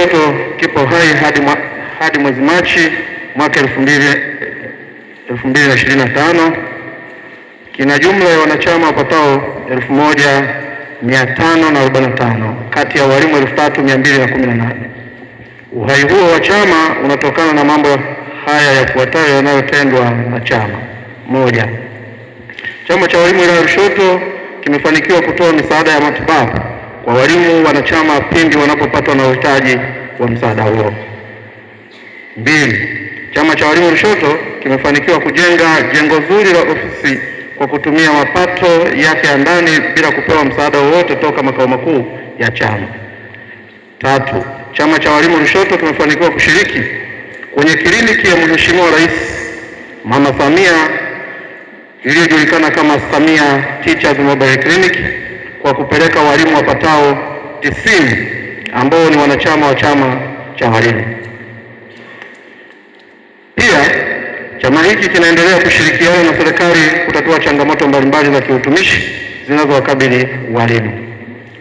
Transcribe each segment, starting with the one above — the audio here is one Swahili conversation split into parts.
Kiteto kipo hai hadi, ma, hadi mwezi Machi mwaka 2025 kina jumla ya wanachama wapatao 1545 kati ya walimu 3218. Uhai huo wa chama unatokana na mambo haya yafuatayo yanayotendwa na chama. Moja, chama cha walimu wilaya Lushoto kimefanikiwa kutoa misaada ya matibabu kwa walimu wanachama pindi wanapopatwa na uhitaji wa msaada huo. Mbili, chama cha walimu Lushoto kimefanikiwa kujenga jengo zuri la ofisi kwa kutumia mapato yake ya ndani bila kupewa msaada wowote toka makao makuu ya chama. Tatu, chama cha walimu Lushoto kimefanikiwa kushiriki kwenye kliniki ya Mheshimiwa Rais Mama Samia iliyojulikana kama Samia Teachers Mobile Clinic kwa kupeleka walimu wapatao tisini ambao ni wanachama wa chama cha walimu. Pia chama hiki kinaendelea kushirikiana na serikali kutatua changamoto mbalimbali za kiutumishi zinazowakabili walimu.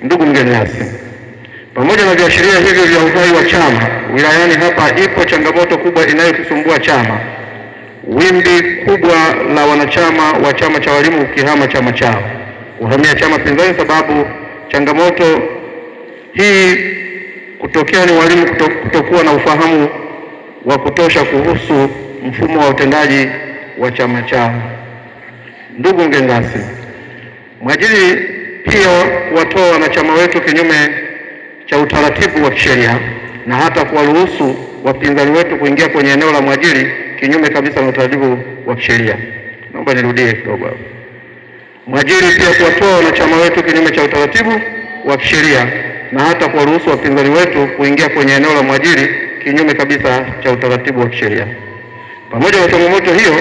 Ndugu mgeni rasmi, pamoja na viashiria hivyo vya uhai wa chama wilayani hapa, ipo changamoto kubwa inayokisumbua chama, wimbi kubwa la wanachama wa chama cha walimu ukihama chama chao kuhamia chama pinzani, sababu changamoto hii kutokea ni walimu kutokuwa na ufahamu wa kutosha kuhusu mfumo wa utendaji wa chama chao. Ndugu mgeni rasmi, mwajiri pia kuwatoa wanachama wetu kinyume cha utaratibu wa kisheria na hata kuwaruhusu wapinzani wetu kuingia kwenye eneo la mwajiri kinyume kabisa na utaratibu wa kisheria. Naomba nirudie kidogo hapo mwajiri pia kuwatoa wanachama wetu kinyume cha utaratibu wa kisheria na hata kuwaruhusu wapinzani wetu kuingia kwenye eneo la mwajiri kinyume kabisa cha utaratibu wa kisheria. Pamoja na changamoto hiyo,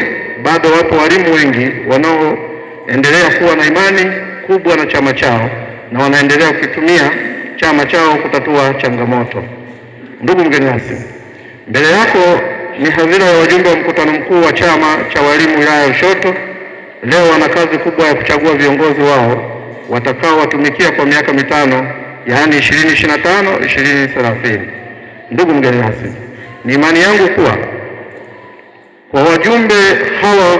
bado wapo walimu wengi wanaoendelea kuwa na imani kubwa na chama chao na wanaendelea kukitumia chama chao kutatua changamoto. Ndugu mgeni rasmi, mbele yako ni hadhira ya wajumbe wa mkutano mkuu wa chama cha walimu wilaya ya Lushoto leo wana kazi kubwa ya kuchagua viongozi wao watakaowatumikia kwa miaka mitano, yaani 2025 2030. Ndugu mgeni rasmi, ni imani yangu kuwa kwa wajumbe hawa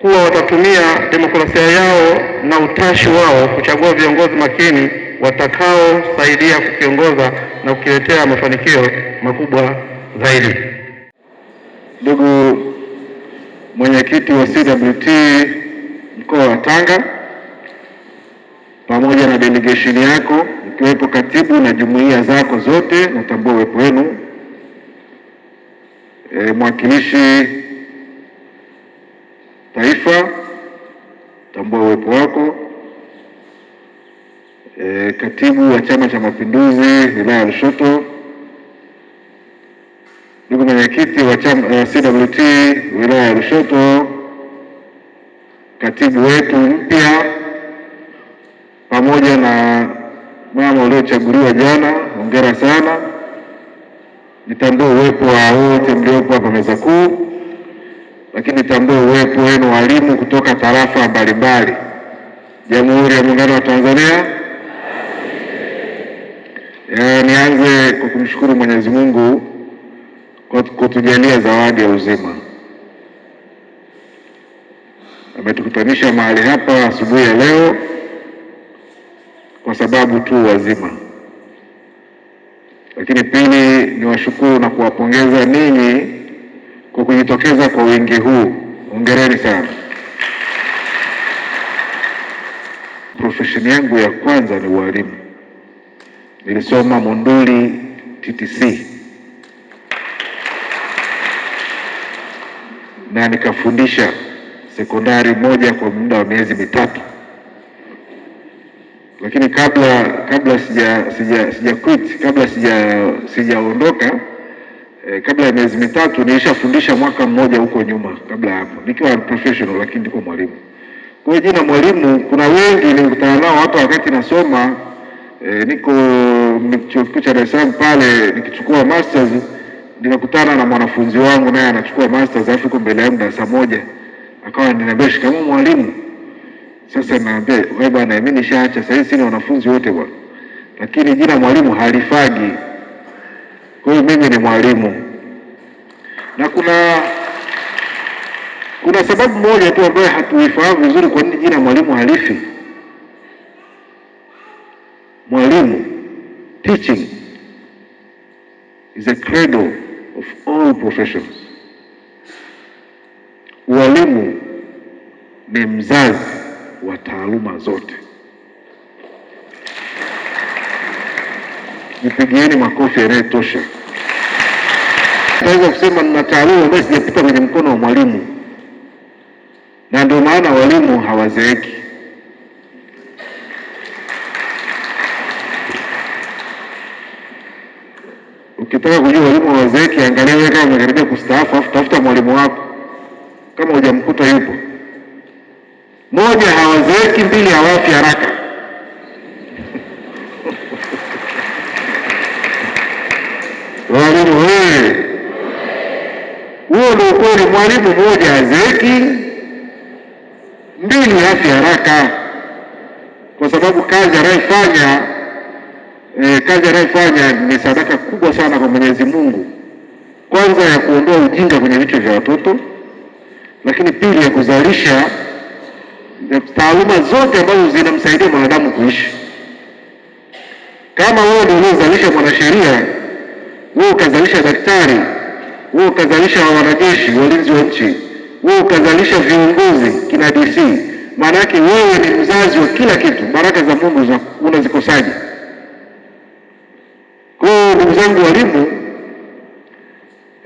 kuwa watatumia demokrasia yao na utashi wao kuchagua viongozi makini watakaosaidia kukiongoza na kukiletea mafanikio makubwa zaidi. Ndugu mwenyekiti wa CWT mkoa wa Tanga pamoja na delegesheni yako ikiwepo katibu na jumuiya zako zote, natambua uwepo wenu. E, mwakilishi taifa, tambua uwepo wako. E, katibu wa Chama cha Mapinduzi wilaya ya Lushoto Ndugu mwenyekiti wa chama uh, eh, CWT wilaya ya Lushoto, katibu wetu mpya pamoja na mama uliochaguliwa jana, hongera sana. Nitambue uwepo wa wote mliopo hapa meza kuu, lakini nitambue uwepo wenu walimu kutoka tarafa mbalimbali Jamhuri ya Muungano wa Tanzania. Eh, nianze kwa kumshukuru Mwenyezi Mungu kutujalia zawadi ya uzima. Ametukutanisha mahali hapa asubuhi ya leo kwa sababu tu wazima. Lakini pili, ni washukuru na kuwapongeza ninyi kwa kujitokeza kwa wingi huu. Hongereni sana. Profesheni yangu ya kwanza ni ualimu. Nilisoma Monduli TTC na nikafundisha sekondari moja kwa muda wa miezi mitatu, lakini kabla kabla sija sija sija quit, kabla sija sijaondoka eh, kabla ya miezi mitatu nilishafundisha mwaka mmoja huko nyuma kabla hapo, nikiwa professional, lakini niko mwalimu. Kwa hiyo jina mwalimu, kuna wengi nilikutana nao hapa wakati nasoma eh, niko chuo kikuu cha Dar es Salaam pale nikichukua masters nimekutana na mwanafunzi wangu naye anachukua masters, alafu yuko mbele yangu darasa moja, akawa ninaambia shikamoo mwalimu. Sasa naambia wewe bwana, mimi nishaacha sasa, sina wanafunzi wote bwana, lakini jina mwalimu halifagi. Kwa hiyo mimi ni mwalimu, na kuna kuna sababu moja tu ambayo hatuifahamu vizuri, kwa nini jina mwalimu halifi. Mwalimu, teaching is a cradle of all professions. Walimu ni mzazi wa taaluma zote. Nipigieni makofi yanayotosha. Naweza kusema nina taaluma ambayo sijapita kwenye mkono wa mwalimu, na ndio maana walimu hawazeeki. Ukitaka kujua walimu wazeki, angalia wewe kama umekaribia kustaafu, afu tafuta mwalimu wako kama hujamkuta yupo. Moja, hawazeeki; mbili, hawafi haraka. Walimu wewe, huo ndio ukweli. Mwalimu moja, hazeeki; mbili, hafi haraka, kwa sababu kazi anayofanya e, kazi anayofanya ni sadaka kubwa sana kwa Mwenyezi Mungu, kwanza ya kuondoa ujinga kwenye vichwa vya watoto, lakini pili ya kuzalisha eh, taaluma zote ambazo zinamsaidia mwanadamu kuishi. Kama wewe ndio uliozalisha mwanasheria, wewe ukazalisha daktari, wewe ukazalisha wanajeshi walinzi wa nchi, wewe ukazalisha viongozi kina DC, maana yake wewe ni mzazi wa kila kitu. Baraka za Mungu unazikosaje? ndugu zangu walimu,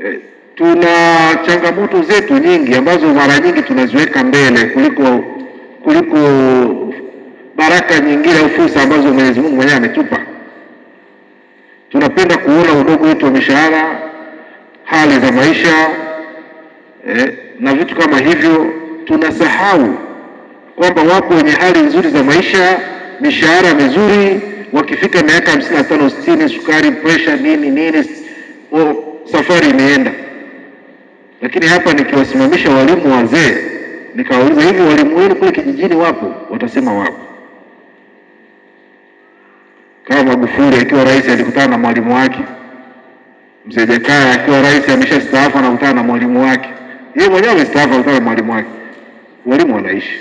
e, tuna changamoto zetu nyingi ambazo mara nyingi tunaziweka mbele kuliko kuliko baraka nyingine au fursa ambazo Mwenyezi Mungu mwenyewe ametupa. Tunapenda kuona udogo wetu wa mishahara, hali za maisha eh, na vitu kama hivyo. Tunasahau kwamba wapo wenye hali nzuri za maisha, mishahara mizuri wakifika miaka hamsini na tano sitini, sukari, presha, nini nini, safari imeenda. Lakini hapa nikiwasimamisha walimu wazee nikawauliza, hivi walimu wenu kule kijijini wapo? Watasema wapo. Kama Magufuli akiwa rais alikutana na mwalimu wake, mzee Jakaya akiwa rais ameshastaafu anakutana na mwalimu wake, yeye mwenyewe amestaafu anakutana na mwalimu wake. Walimu wanaishi,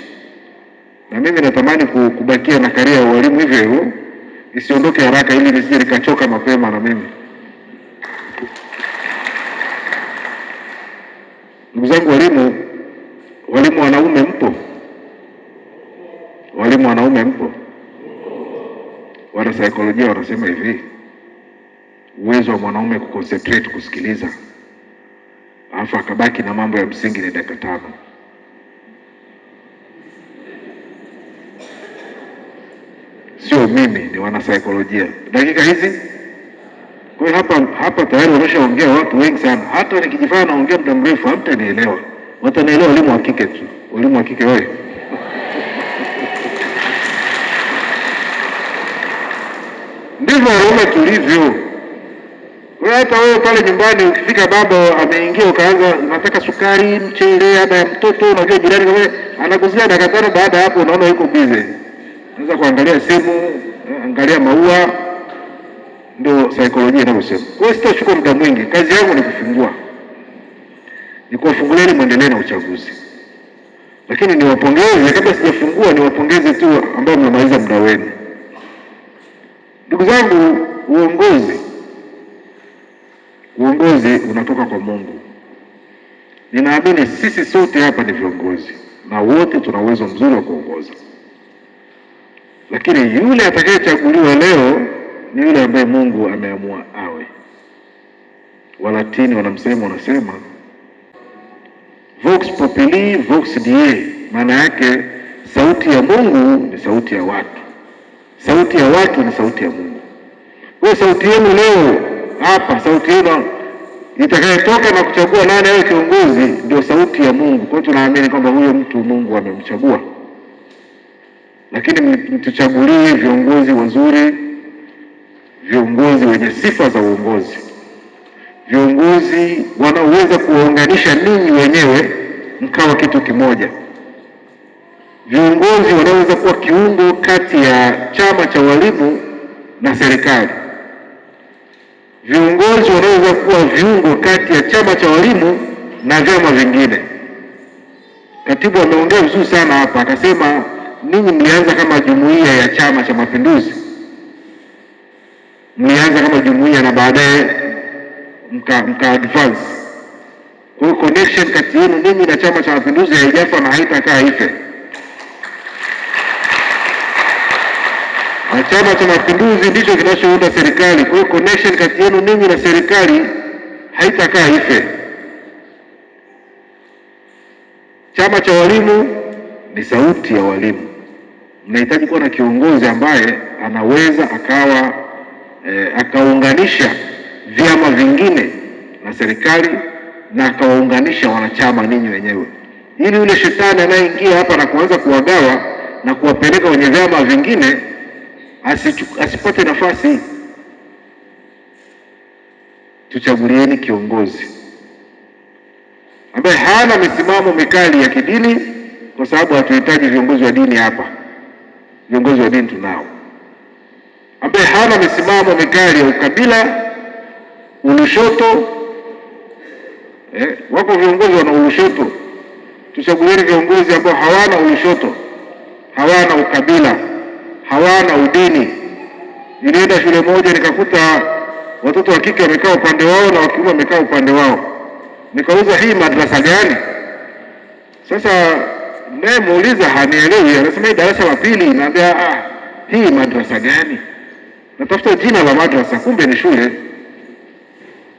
na mimi natamani kubakia na karia ya walimu hivyo hivyo isiondoke haraka, ili nisije nikachoka mapema na mimi. Ndugu zangu walimu, walimu wanaume mpo? Walimu wanaume mpo? Wanasaikolojia wanasema hivi, uwezo wa mwanaume kuconcentrate kusikiliza alafu akabaki na mambo ya msingi ni dakika tano. sio mimi, ni wanasaikolojia. Dakika hizi kwa hapa hapa tayari wameshaongea watu wengi sana. Hata nikijifanya naongea muda mrefu hamtanielewa, watanielewa walimu wa kike tu, walimu wa kike wewe. Ndivyo wanaume tulivyo. Wewe hata wewe pale nyumbani ukifika, baba ameingia, ukaanza nataka sukari, mchele, ada ya mtoto, unajua jirani anaguzia dakika tano, baada ya hapo unaona yuko busy unaweza kuangalia simu, eh, angalia maua, ndio saikolojia inavyosema. Kwa hiyo sitachukua muda mwingi, kazi yangu ni kufungua, ni kuwafungulieni, mwendelee na uchaguzi. Lakini niwapongeze, kabla sijafungua, niwapongeze tu ambao mmemaliza muda wenu. Ndugu zangu, uongozi uongozi unatoka kwa Mungu. Ninaamini sisi sote hapa ni viongozi na wote tuna uwezo mzuri wa kuongoza lakini yule atakayechaguliwa leo ni yule ambaye Mungu ameamua awe. Walatini wanamsema wanasema vox populi vox die, maana yake sauti ya Mungu ni sauti ya watu, sauti ya watu ni sauti ya Mungu. Kwa sauti yenu leo hapa, sauti yenu itakayetoka na kuchagua nani awe kiongozi, ndio sauti ya Mungu. Kwa hiyo tunaamini kwamba huyo mtu Mungu amemchagua lakini mtuchagulie viongozi wazuri, viongozi wenye sifa za uongozi, viongozi wanaoweza kuwaunganisha ninyi wenyewe mkawa kitu kimoja, viongozi wanaoweza kuwa kiungo kati ya chama cha walimu na serikali, viongozi wanaweza kuwa viungo kati ya chama cha walimu na vyama vingine. Katibu ameongea vizuri sana hapa, akasema ninyi mlianza kama jumuiya ya Chama cha Mapinduzi, mlianza kama jumuiya na baadaye mka, mka advance. Kwa hiyo connection kati yenu ninyi na Chama cha Mapinduzi haijafa na haitakaa ife. Na Chama cha Mapinduzi ndicho kinachounda serikali. Kwa hiyo connection kati yenu ninyi na serikali haitakaa ife. Chama cha walimu ni sauti ya walimu mnahitaji kuwa na kiongozi ambaye anaweza akawa e, akaunganisha vyama vingine na serikali na akawaunganisha wanachama ninyi wenyewe, ili yule shetani anayeingia hapa na kuanza kuwagawa na kuwapeleka kwenye vyama vingine asipate nafasi. Tuchagulieni kiongozi ambaye hana misimamo mikali ya kidini, kwa sababu hatuhitaji viongozi wa dini hapa viongozi wa dini tunao, ambaye hana misimamo mikali ya ukabila, ulushoto. Eh, wako viongozi wana ulushoto. Tuchagueni viongozi ambao hawana ulushoto, hawana ukabila, hawana udini. Nilienda shule moja nikakuta watoto wa kike wamekaa upande wao na wa kiume wamekaa upande wao, nikauza hii madrasa gani sasa Mbaye muuliza hanielewi, anasema darasa la pili. Naambia ah, hii madrasa gani? Natafuta jina la madrasa, kumbe ni shule.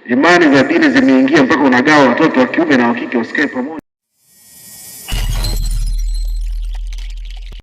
Imani za dini zimeingia mpaka unagawa watoto wa kiume na wa kike wasikae pamoja.